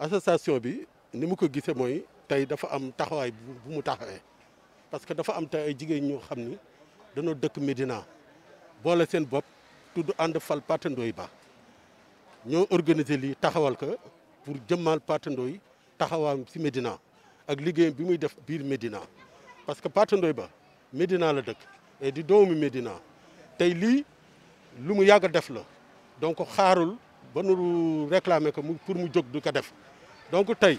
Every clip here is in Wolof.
association bi ni mu ko gisee mooy tey dafa am taxawaay bu mu taxawee parce que dafa am te ay jigéen ñoo xam ni danoo dëkk Médina boole seen bopp tudd ànd fal Pathé Ndoye Ba ñoo organiser lii taxawal ko pour jëmmal Pathé Ndoye taxawaam ci Médina ak liggéey bi muy def biir Médina parce que Pathé Ba Médina la dëkk et di doomu Médina tey lii lu mu yàgg def la donc xaarul ba nu réclamer ko pour mu jóg du ko def donc tey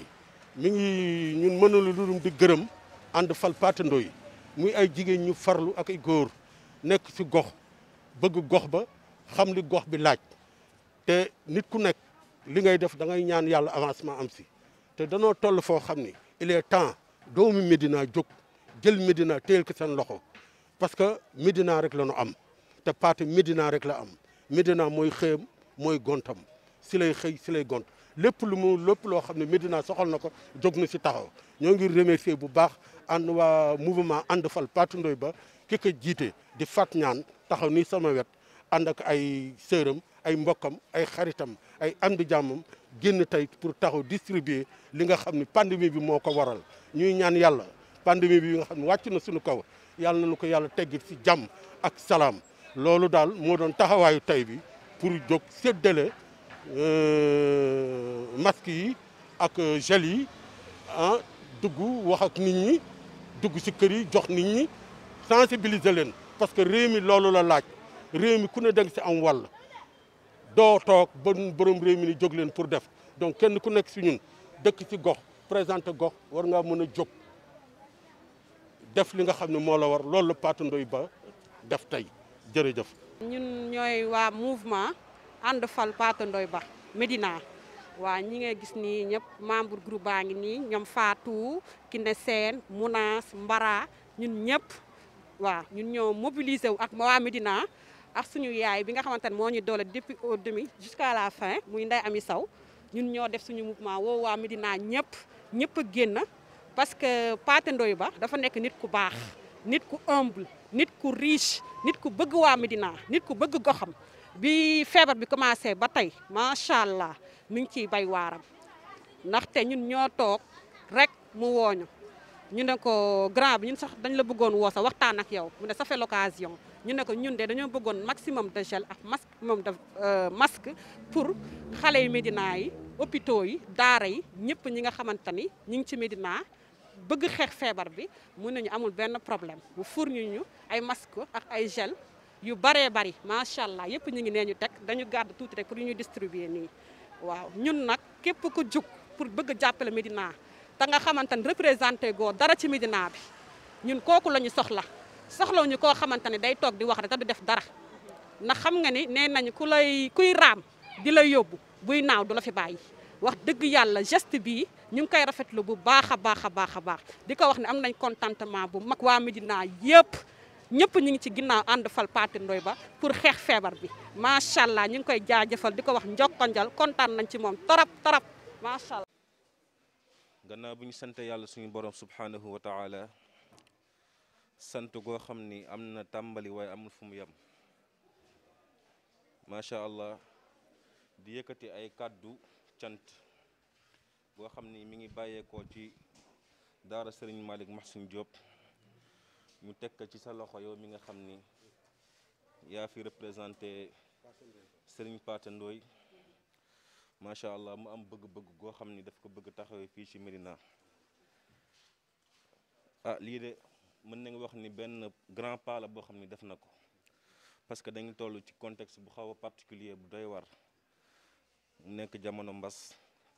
mi ngi ñun mënul lu di gërëm ànd fal Pathé Ndoye muy ay jigéen ñu farlu ak ay góor nekk ci gox bëgg gox ba xam li gox bi laaj te nit ku nekk li ngay def da ngay ñaan yàlla avancement am si te danoo toll foo xam ni il est temps doomu Médina jóg jël Médina téyel ko seen loxo parce que Médina rek la nu am te Pathé Médina rek la am Médina mooy xëyam mooy gontam si lay xëy si lay gont lépp lu mu lépp loo xam ne Médina soxol na ko jóg na si taxaw ñoo ngi remercier bu baax ànd waa mouvement ànd fal Pathé Ndoye Ba ki jiite di fat ñaan taxaw ni sama wet ànd ak ay sëram ay mbokkam ay xaritam ay am di jàmmam génn tey pour taxaw distribuer li nga xam ne pandémie bi moo ko waral ñuy ñaan yàlla pandémie bi nga xam ne wàcc na suñu kaw yàlla na lu ko yàlla teg si jàmm ak salaam loolu daal moo doon taxawaayu tey bi pour jóg séddale euh, masques yi ak euh, gel yi ah dugg wax ak nit ñi dugg si kër yi jox nit ñi sensibiliser leen parce que réew mi loolu la laaj réew mi ku ne danga ci am wàll doo toog ba borom réew mi ni jóg leen pour def donc kenn ku nekk si ñun dëkk ci gox présenté gox war ngaa mën a jóg def li nga xam ne moo la war loolu la Pathé Ndoye Ba def tey jërëjëf. ñun ñooy waa mouvement ànd fal Pathé Ba Médina waa ñi nga gis nii ñëpp membre group baa ngi nii ñoom Fatou Kiné Sène Mounas Mbara ñun ñëpp waa ñun ñoo mobiliser wu ak waa Médina ak suñu yaay bi nga xamante ne moo ñu doole depuis au demi jusqu'à la fin muy Ndeye Amy saw ñun ñoo def suñu mouvement woo waa Médina ñëpp ñëpp a génn parce que Pathé Ndoye Ba dafa nekk nit ku baax nit ku humble nit ku riche nit ku bëgg waa Médina nit ku bëgg goxam bi feebar bi commencé ba tey macha allah mi ngi ciy bay waaram ndaxte ñun ñoo toog rek mu wooñu ñu ne ko grand bi ñun sax dañ la bëggoon woo sa waxtaan ak yow mu ne ça fait l'occasion ñu ne ko ñun de dañoo bëggoon maximum de gel ak maximum de euh, masque pour xale yu Médina yi hôpitaux yi daara yi ñëpp ñi nga xamante ni ñu ngi ci Médina bëgg xeex feebar bi mun nañu amul benn problème bu fournir ñu ay masque ak ay gel yu baree bari macha allah yëpp ñu ngi nee ñu teg dañu gàdd tuuti rek pour ñu distribuer nii waaw ñun nag képp ku jug pour bëgg jàppale Médina te nga xamante ne représenté goo dara ci Médina bi ñun kooku la ñu soxla soxlaw ñu koo xamante ne day toog di wax rek te du def dara ndax xam nga ni nee nañu ku lay kuy raam di la yóbbu buy naaw du la fi bàyyi wax dëgg yàlla geste bii ñu ngi koy rafetlu bu baax a baax a baax a baax di ko wax ne am nañ contentement bu mag waa Médina yëpp ñëpp ñu ngi ci ginnaaw ànd fal Pathé Ndoye Ba pour xeex feebar bi macha allah ñu ngi koy jaajëfal di wax njokkonjal kontaan nañ ci moom torop torop macha allah. bu ñu sant yàlla suñu borom subhanahu wa taala sant goo xam ni am na tàmbali waaye amul fu mu yem macha di yëkkati ay kàddu cant. boo xam ni mi ngi bàyyeekoo ci daara sëriñ malik Mahsin Diop ñu teg ko ci sa loxo yow mi nga xam ni yaa fi représenté sëriñ pate ndoy macha allah mu am bëgg-bëgg goo xam ni daf ko bëgg taxawee fii ci Médina ah lii de mën nañu wax ni benn grand pas la boo xam ni def na ko parce que dañu toll ci contexte bu xaw a particulier bu doy war mu nekk jamono mbas.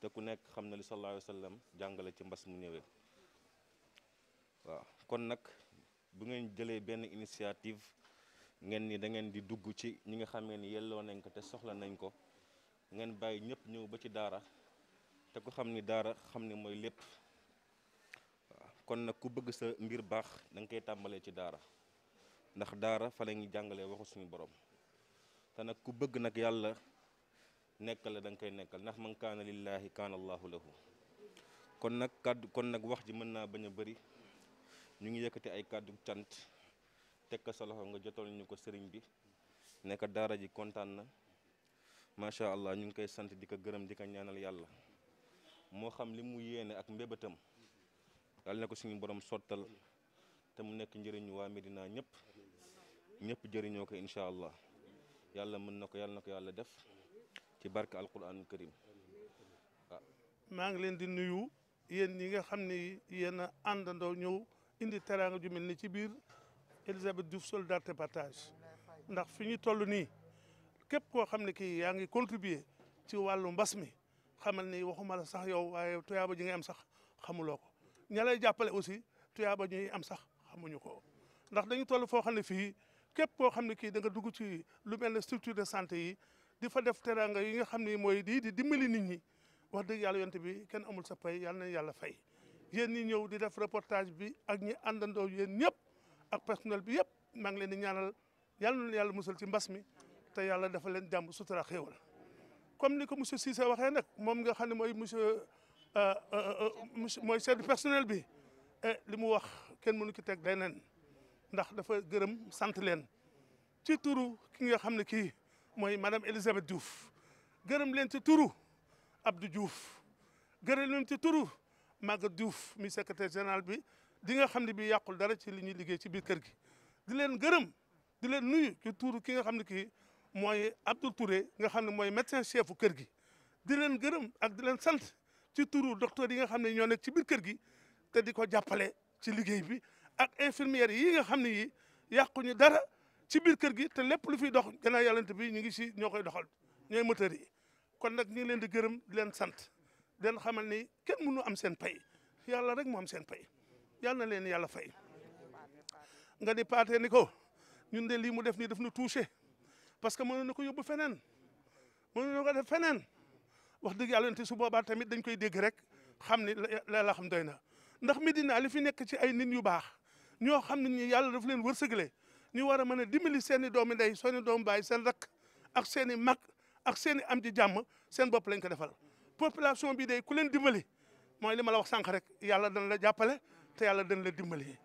te ku nekk xam na li sallallahu alayhi wa sallam jàngale ci mbas mu ñëwee kon nag bu ngeen jëlee benn initiative ngeen nii da ngeen di dugg ci ñi nga xamee ni yelloo nañ ko te soxla nañ ko ngeen bàyyi ñëpp ñëw ba ci daara te ku xam ni daara xam ni mooy lépp waaw kon nag ku bëgg sa mbir baax da nga koy tàmbalee ci daara ndax daara fa la ñuy jàngalee waxu suñu boroom te nag ku bëgg nag yàlla nekkal la da nga koy nekkal ndax man kaana lillaahi kaana allaahu lahu kon nag kàddu kon nag wax ji mën naa bañ a bari ñu ngi yëkkati ay kàddu cant teg ko sa loxo nga jotal ñu ko sëriñ bi nekk daara ji kontaan na macha allah ñu ngi koy sant di ko gërëm di ko ñaanal yàlla moo xam li mu yéene ak mbébétam yàlla na ko suñu borom sottal te mu nekk njëriñu waa Medina ñëpp ñëpp jëriñoo ko incha allah yàlla mën na ko yàlla na ko yàlla def. ci barke alquranul karim maa ngi leen di nuyu yéen ñi nga xam ne yéen a àndandoo ñëw indi teraanga jumil ni ci biir Elisabeth Diouf Solidarité Partage ndax fi ñu toll nii képp koo xam ne kii yaa ngi contribuer ci wàllu mbas mi xamal ni waxuma la sax yow waaye tuyaaba ji ngay am sax xamuloo ko ña lay jàppale aussi tuyaaba ñuy am sax xamuñu ko ndax dañu toll foo xam ne fii képp koo xam ne kii da nga dugg ci lu mel ne structure de santé yi di fa def teraanga yi nga xam ni mooy di di dimbali nit ñi wax dëgg yàlla yonte bi kenn amul sa pay yàlla na yàlla fay yéen ñi ñëw di def reportage bi ak ñi àndandoo yéen ñëpp ak personnel bi yëpp maa ngi leen di ñaanal yàlla na yàlla musal ci mbas mi te yàlla dafa leen jàmm sutura xéewal comme ni ko monsieur Cissé waxee nag moom nga xam ne mooy monsieur euh, euh, euh, mooy chef du personnel bi eh, li mu wax kenn mënu ki teg leneen ndax dafa gërëm sant leen ci turu ki nga xam mooy madame Elisabeth Diouf gërëm leen ci turu Abdou Diouf gërëm leen ci turu Maguette Diouf mi secretaire général bi di nga xam ne bi yàqul dara ci li ñuy liggéey ci biir kër gi di leen gërëm di leen nuyu ci turu ki nga xam ne ki mooy Abdou Touré nga xam ne mooy médecin chefu kër gi di leen gërëm ak di leen sant ci turu docteur yi nga xam ne ñoo nekk ci biir kër gi te di ko jàppale ci liggéey bi ak infirmières yi nga xam ne yi yàquñu dara ci biir kër gi te lépp lu fiy dox gannaaw yàllante bi ñu ngi si ñoo koy doxal ñooy moteur kon nag ñu ngi leen di gërëm leen sant di leen xamal ni kenn mënu am seen pay yàlla rek mu am seen pay yàlla na leen yàlla fay. nga ni paatee ni ko ñun de lii mu def nii daf nu touché parce que mënoon na ko yóbbu feneen mënoon na ko def feneen wax dëgg yàllante su boobaa tamit dañ koy dégg rek xam ni la la doy na ndax mi Medina li fi nekk ci ay nit yu baax ñoo xam ne yàlla daf leen wërsëgale. ñu war a mën a dimbali seen i doomi ndey seen i doomu baay seen rakk ak seeni i mag ak seeni am ji jàmm seen bopp lañ ko defal population bi day ku leen dimbali mooy li ma la wax sànq rek yàlla dana la jàppale te yàlla dana la dimbali.